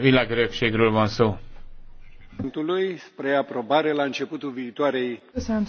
világörökségről van szó. Köszönöm